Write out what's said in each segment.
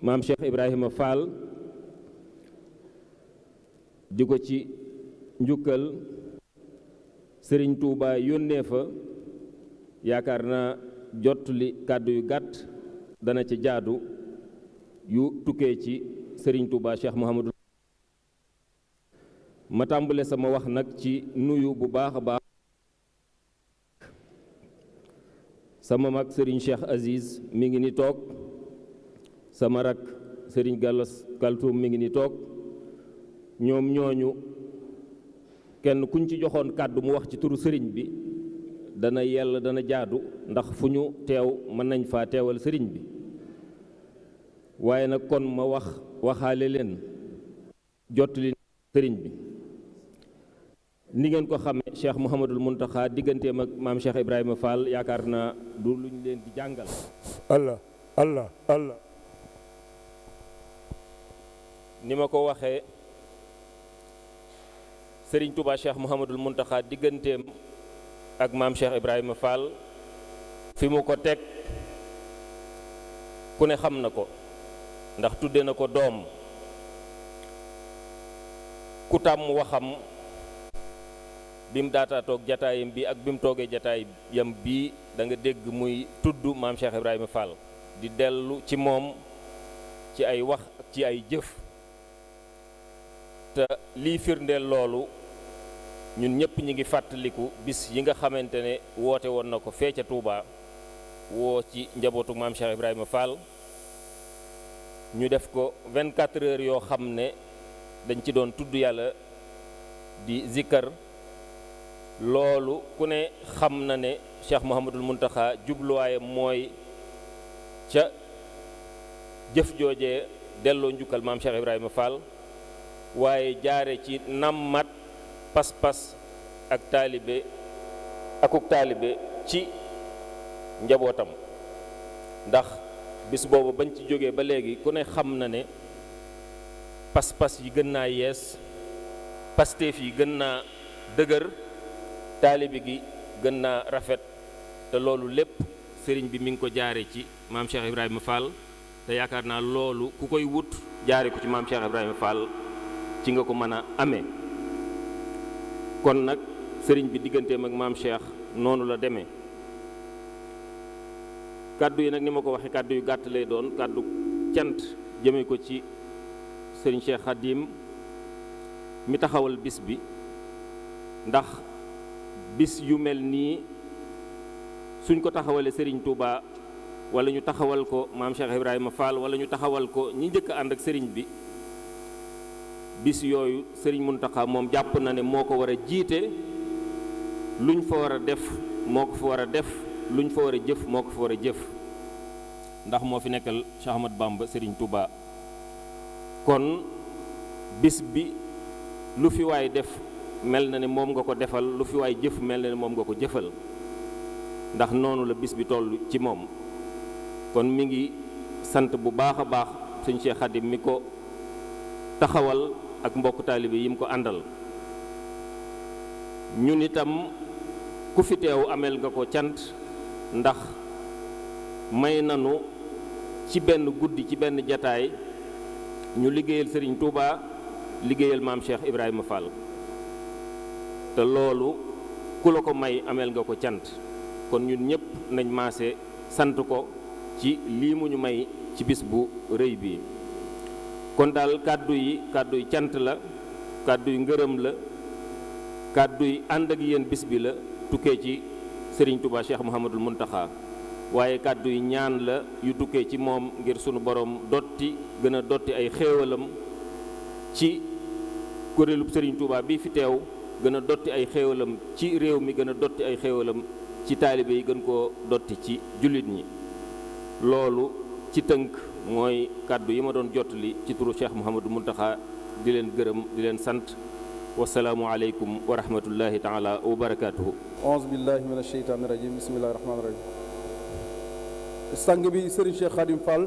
maam Cheikh Ibrahima Fall di ko ci njukkal sëriñ Touba yónnee fa yaakaar naa jot li kàddu yu gàtt dana ci jaadu yu tukkee ci sëriñ Touba Cheikh Mouhamadou ma tàmbale sama wax nag ci nuyu bu baax a baax sama mag sëriñ Cheikh Aziz mi ngi ni toog sama rak sëriñ Gallas Kaltoum mi ngi ni toog ñoom ñooñu kenn kuñ ci joxoon kàddu mu wax ci turu sëriñ bi dana yell dana jaadu ndax fu ñu teew mën nañ faa teewal sëriñ bi waaye nag kon ma wax waxaale leen jottali sëriñ bi ni ngeen ko xamee Cheikh Mouhamadul Mountakha digganteem ak maam Cheikh Ibrahima Fall yaakaar naa du luñ leen di jàngal. Allah Allah. ni ma ko waxee sëriñ Touba Cheikh Mouhamadul Mountakha digganteem ak maam Cheikh Ibrahima Fall fi mu ko teg ku ne xam na ko ndax tudde na ko doom ku tàmm waxam bi mu daata toog jataayam bi ak bi mu toogee jataayam bi danga dégg muy tudd maam Cheikh Ibrahima Fall di dellu ci moom ci ay wax ci ay jëf te liy firndeel loolu ñun ñëpp ñu ngi fàttaliku bis yi nga xamante ne woote woon na ko fee ca Touba woo ci njabootu maam Cheikh Ibrahima Fall ñu def ko 24 heures yoo xam ne dañ ci doon tudd yàlla di zikkar loolu ku ne xam na ne Cheikh Mouhamadul Mountakha jubluwaayam mooy ca jëf joojee delloo njukkal maam Cheikh Ibrahima Fall. waaye jaare ci nammat pas-pas ak taalibe akuk taalibe ci njabootam ndax bis boobu bañ ci jógee ba léegi ku ne xam na ne pas-pas yi gën naa yees pasteef yi gën naa dëgër taalibe gi gën naa rafet te loolu lépp sëriñ bi mi ngi ko jaare ci maam Cheikh Ibrahima Fall te yaakaar naa loolu ku koy wut jaare ko ci maam Cheikh Ibrahima Fall ci nga ko mën a amee kon nag sëriñ bi digganteem ak maam Cheikh noonu la demee kàddu yi nag ni ma ko waxee kàddu yu gàtt lay doon kàddu cant jëme ko ci sëriñ Cheikh Khadim mi taxawal bis bi ndax bis yu mel nii suñ ko taxawalee sëriñ Touba wala ñu taxawal ko maam Cheikh Ibrahima Fall wala ñu taxawal ko ñi njëkk ànd ak sëriñ bi. bis yooyu sëriñ Muntaxa moom jàpp na ne moo ko war a jiite lu luñ fa war a def moo ko fa war a def lu luñ fa war a jëf moo ko fa war a jëf ndax moo fi nekkal Cheikh Ahmad ba sëriñ Touba kon bis bi lu fi waay def mel na ne moom nga ko defal lu fi waay jëf mel na ne moom nga ko jëfal ndax noonu la bis bi toll ci moom kon mi ngi sant bu baax a baax sëñ Cheikh Khadim mi ko taxawal ak mbokk taalibe yi mu ko àndal ñun itam ku fi teew ameel nga ko cant ndax may nanu ci benn guddi ci benn jataay ñu liggéeyal sëriñ tuuba liggéeyal maam Cheikh Ibrahima Fall te loolu ku la ko may ameel nga ko cant kon ñun ñëpp nañ maase sant ko ci lii mu ñu may ci bis bu rëy bii kon daal kàddu yi kàddu yi cant la kàddu yi ngërëm la kàddu yi ànd ak yéen bis bi la tukkee ci sëriñ Touba Cheikh Mouhamadul Muntaxa waaye kàddu yi ñaan la yu tukkee ci moom ngir sunu boroom dotti gën a dotti ay xéewalam ci kuréelub sëriñ Touba bii fi teew gën a dotti ay xéewalam ci réew mi gën a dotti ay xéewalam ci taalibe yi gën koo dotti ci jullit ñi loolu ci tënk mooy kàddu yi ma doon jottali ci turu Cheikh Mouhamadou Mountakha di leen gërëm di leen sant wasalaamu aleykum wa rahmatullahi taala wa barakaatuhu auzu billahi min asheytaani rajim bismillahi rahmaani rahim sang bi Serigne Cheikh Khadim Fall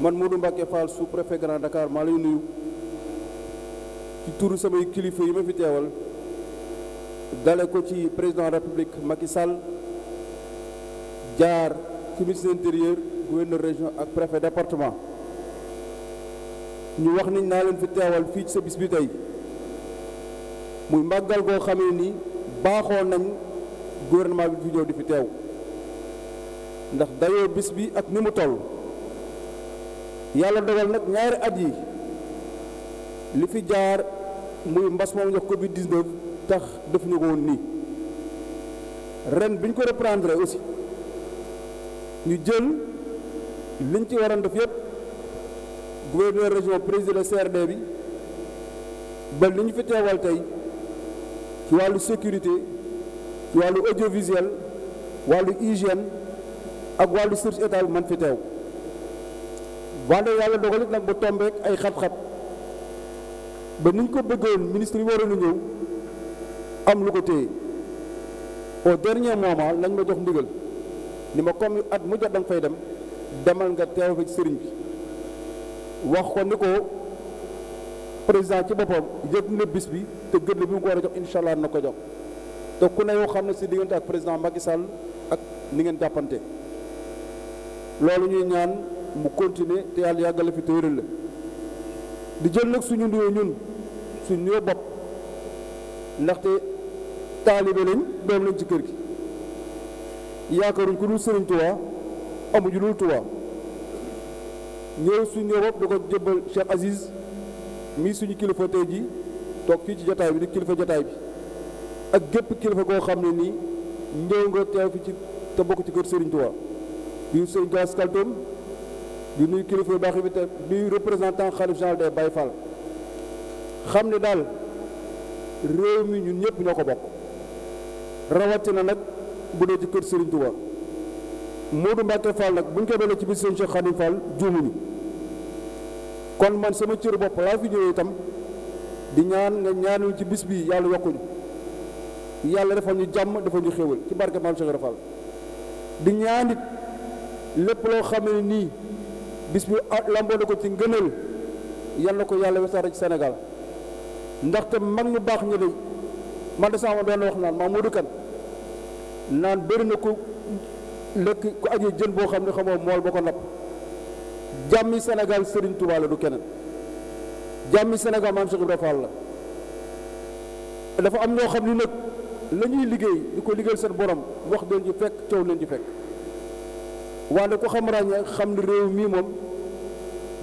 man Modou Mbacke Fall sous préfet Grand Dakar maa lay nuyu ci turu samay kilifa yi ma fi teewal dale ko ci président république Macky Sall jaar ci ministre intérieur gouverneur région ak préfet département ñu wax niñ naa leen fi teewal fii ci sa bis bi tey muy màggal goo xamee ni baaxoo nañ gouvernement bi fi ñëw di fi teew ndax dayoo bis bi ak ni mu toll yàlla dogal nag ñaari at yi li fi jaar muy mbas moom jox Covid 19 tax def ñu ko woon nii ren bi ñu ko reprendre aussi ñu jël liñ ci waroon def yëpp gouverneur région président CRD bi ba li ñu fi teewal tey ci wàllu sécurité ci wàllu audiovisuel wàllu hygiène ak wàllu source état man fi teew wante yàlla dogalit nag ba tombeek ay xat-xat ba niñ ko bëggoon ministre yi waroon a ñëw am lu ko téye au dernier moment lañ ma jox ndigal li ma comme at mu jot danga fay dem demal nga teew fi sëriñ bi wax ko ni ko président ci boppam yëg na bi te gënn bi mu ko war a jox incha na ko jox te ku ne yoo xam ne si diggante ak président Macky ak ni ngeen jàppante loolu ñuy ñaan mu continuer te yàlla yàggale fi te la di jël nag suñu nuyoo ñun suñu nuyoo bopp ndaxte taalibe lañ doom lañ ci kër gi yaakaaruñ ku dul sëriñ Tuubaa amuñu lu Tuubaa ñëw suñ ñëw suñu kilifa tey ji toog fii ci jataay bi di kilifa jataay bi ak gépp kilifa koo xam ne nii ñëw nga teew fi ci te bokk ci kër Serigne Touba di Serigne Touba si Kaltoum di kilifa yu baax yi te nuyu représentant xalif général des Baye Fall xam ne daal réew mi ñun ñëpp ñoo ko bokk rawatina nag bu ne ci kër Serigne Touba. Modou Mbacke Fall nag buñ ko doonee ci biir sëñ Cheikh Khadim Fall juumuñu kon man sama cër bopp laa fi ñëwee itam di ñaan nga ñaanul ci bis bi yàlla yokkuñu yàlla defal ñu jàmm defal ñu xéwal ci barke maam Cheikh Fall di ñaan it lépp loo xamee nii bis bi lamboo na ko ci ngëneel yal na ko yàlla wesaare ci Sénégal ndaxte mag ñu baax ñu de man de sama doon wax naan Mamadou Kane naan bëri na ko lekk ku añee jën boo xam ne xamoo mool ba ko napp jàmmi senegal sëriñ Touba la du keneen jàmmi Sénégal maam Cheikh Ibra Fall la dafa am ñoo xam ni nag lañuy liggéey di ko liggéeyal seen borom wax leen ji fekk coow leen ci fekk waaye ku xam ràññee xam ni réew mii moom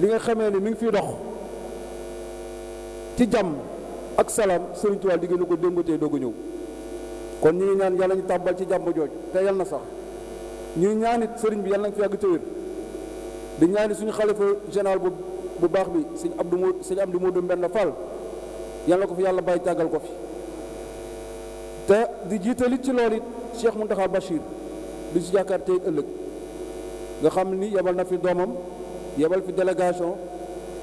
li nga xamee ni mi ngi fiy dox ci jàmm ak salaam Serigne Touba liggéey na ko démb tey doog ñëw kon ñu ngi ñaan yàlla ñu tàbbal ci jàmm jooj te yàlla na sax. ñu ñaanit sëriñ bi yàlla na fi yàgg di ñaanit suñu xalifa général bu bu baax bi sëñ Abdou Mo sëñ Abdou Modou Mbenn Fall yàlla ko fi yàlla bàyyi jàggal ko fi te di jiitalit ci loolu it Cheikh Mountakha Bachir di ci jàkkaar tey ëllëg nga xam ni yebal na fi doomam yebal fi délégation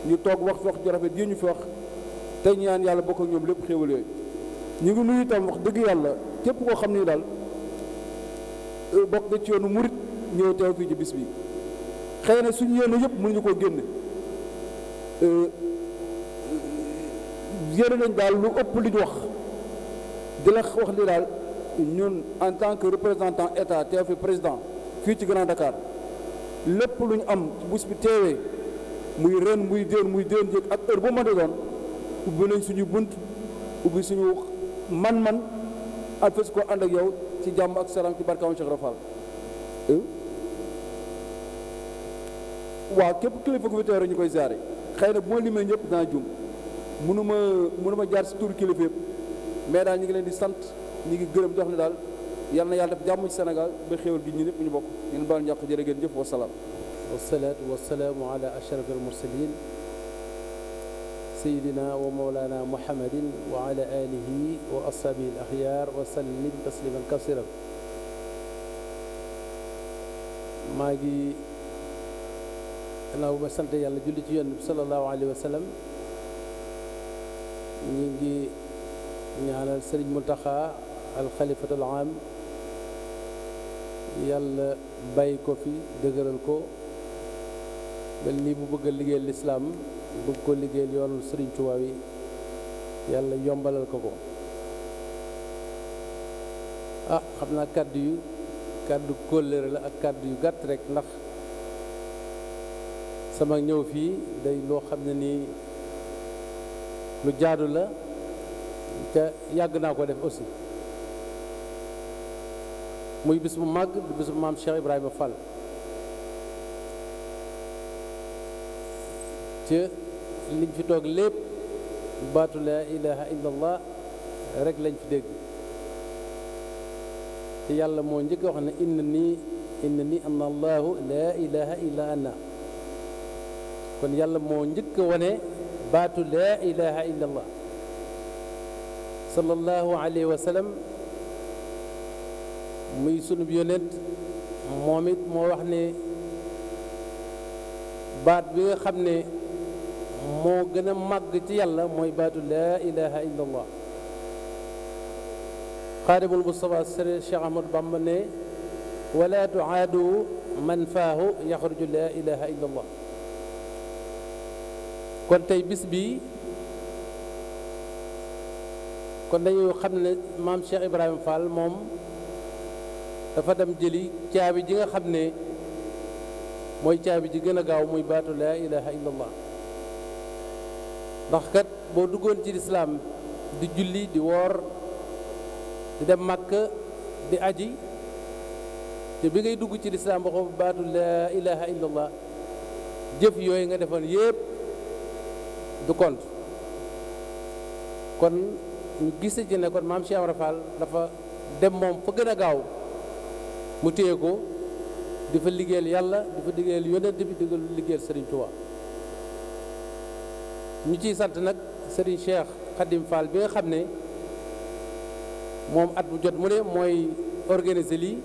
ñu toog wax fi wax ju rafet ñu fi wax te ñaan yàlla bokk ak ñoom lépp xéewal yooyu ñu ngi nuyu itam wax dëgg yàlla képp koo xam ni daal. Euh, bokk nga ci yoonu murit ñëw teew fii ci bis bi xëy na suñu yéene yëpp mënuñu koo génn euh, yéene nañ daal lu ëpp li ñu wax di la wax li daal ñun en tant que représentant état teew fi président fii ci Grand Dakar lépp lu ñu am ci bis teewee muy ren muy déen muy déen jéeg ak heure bu ma doon ubbi nañ suñu bunt ubbi suñu man-man ak fes ko ànd ak yow ci jàmm ak salaam ci barkaamu Cheikh Rafal waaw képp kilifa gu fi teew ñu koy ziare xëy na bu ma limee ñëpp naa jum mënuma mënuma jaar si tur kilifa yëpp mais daal ñu ngi leen di sant ñi ngi gërëm jox ne daal yal na yàlla def jàmm ci Sénégal ba xéwal gi ñu ñëpp ñu bokk ñu baal ñàkk jërë ngeen jëf wa salaam. wasalaatu wasalaamu ala ashraf al mursalin سيدنا ومولانا محمد وعلى آله وأصحابه الأخيار وسلم تسليما كثيرا maa ngi gannaaw ba sant yàlla julli ci yonent bi sallallahu alayhi wa sallam ñu ngi ñaanal sëriñ Muntaxa alxalifatul am yàlla bàyyi ko fi dëgëral ko ba lii mu bëgg a liggéeyal bëgg koo liggéeyal yoonu sëriñ Tuubaa yi yàlla yombalal ko ko ah xam naa kàdd yu kàddu kóllëre la ak kàddu yu gàtt rek ndax sama ñëw fii day loo xam ne nii lu jaadu la te yàgg naa ko def aussi muy bis bu màgg du bis bu maam Cheikh Ibrahima Fall ci liñ fi toog lépp baatu laa ilaha illa allah rek lañ fi dégg te yàlla moo njëkk wax ne inna nii inna nii am na allahu laa ilaha illa ana kon yàlla moo njëkk wane baatu laa ilaha illa allah sallallahu alayhi muy sunub yonent moom it moo wax ne baat bi nga xam ne moo gën a màgg ci yàlla mooy baatu laa ilaha illa allah xaadimul mustafa sëriñ cheikh ahmadu bamba ne wala tuaadu man faahu yaxruju laa ilaha illa kon tey bis bi kon dañuy xam ne maam cheikh ibrahima fall moom dafa dem jëli caabi ji nga xam ne mooy caabi ji gën a gaaw muy baatu laa ilaha illa allah ndax kat boo duggoon ci lislaam di julli di woor di dem makk di aji te bi ngay dugg ci lislaam ba xoofu baatu laa ilaha illa jëf yooyu nga defoon yépp du compte kon ñu gise ci ne kon maam Cheikh Ibra Fall dafa dem moom fa gën a gaaw mu téye ko di fa liggéeyal yàlla di fa liggéeyal yonent bi di fa liggéeyal Sëriñ Tuubaa ñu ciy sant nag Serigne Cheikh Khadim Fall bi nga xam ne moom at bu jot mu ne mooy organise lii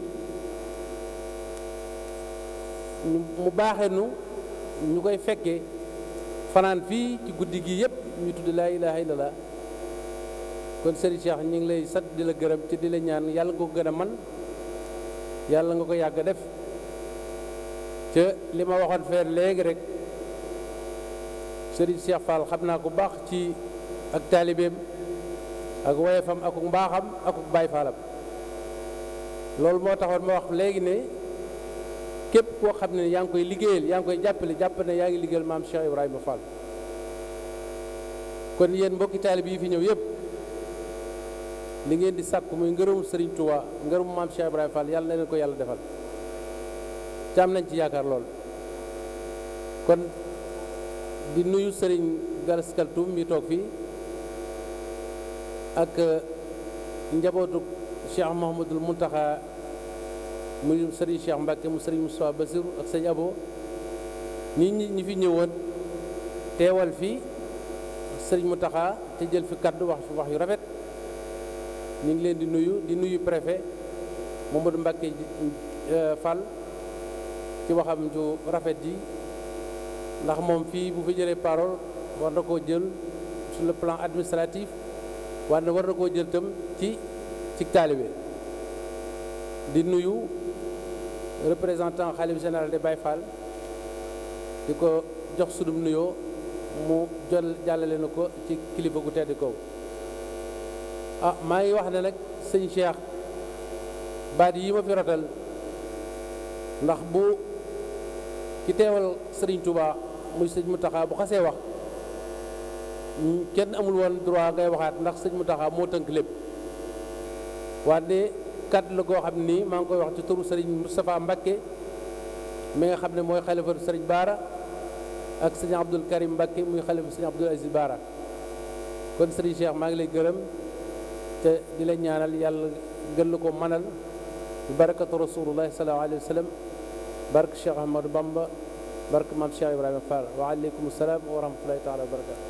mu baaxe nu ñu koy fekkee fanaan fii ci guddi gi yëpp ñu tudd laa ilaha illallah kon Serigne Cheikh ñu ngi lay sant di la gërëm ci di la ñaan yàlla nga ko gën a man yàlla nga ko yàgg def ca li ma waxoon feer léegi rek Serigne Cheikh Fall xam naa ko baax ci ak taalibeem ak woyefam akuk mbaaxam akuk baay faalam loolu moo taxoon ma wax léegi ne képp koo xam ne yaa ngi koy liggéeyal yaa ngi koy jàppale jàppale ne yaa ngi liggéeyal maam Cheikh Ibrahima Fall kon yéen mbokki taalib yi fi ñëw yëpp li ngeen di sàkku muy ngërëmu Serigne Touba ngërëmu maam Cheikh Ibrahima Fall yàlla na leen ko yàlla defal te nañ ci yaakaar lool kon di nuyu sëriñ Galas Kaltoum mi toog fii ak euh, njabootu Cheikh Mouhamadul Mountakha muy sëriñ Cheikh Mbacke mu sëriñ Moustapha Bassirou ak sëñ Abo nit ñi ñi fi ñëwoon teewal fii sëriñ Mountakha te jël fi kaddu wax fi wax yu rafet ñu ngi leen di nuyu di nuyu préfet Mamadou Mbacke euh, Fall ci waxam ju rafet yi ndax moom fii bu fi jëlee parole war na koo jël sur le plan administratif war na war na koo jël itam ci ci taalibe di nuyu représentant xalif général de bay Fall di ko jox sudum nuyoo mu jël jàllale na ko ci kilifa gu tedd kaw ah maa ngi wax ne nag sëñ Cheikh baat yi ma fi rotal ndax bu ki teewal Serigne Touba. muy sëñ Mountakha bu xasee wax kenn amul woon droit ngay waxaat ndax sëñ Mountakha moo tënk lépp waa kàddu la goo xam ni maa ngi koy wax ci turu sëriñ Moustapha Mbakke nga xam ne mooy xalifa sëriñ Baara ak sëñ Abdul Karim Mbakke muy xalifa sëñ Abdul Aziz Baara kon sëriñ Cheikh maa ngi lay gërëm te di la ñaanal yàlla gën la ko manal barakatu rasulullahi sallallahu alayhi wa sallam barke Cheikh Bamba barke maam Cheikh Ibrahima Fall waaleykum salaam wa rahmatulahi taala wa barakaatu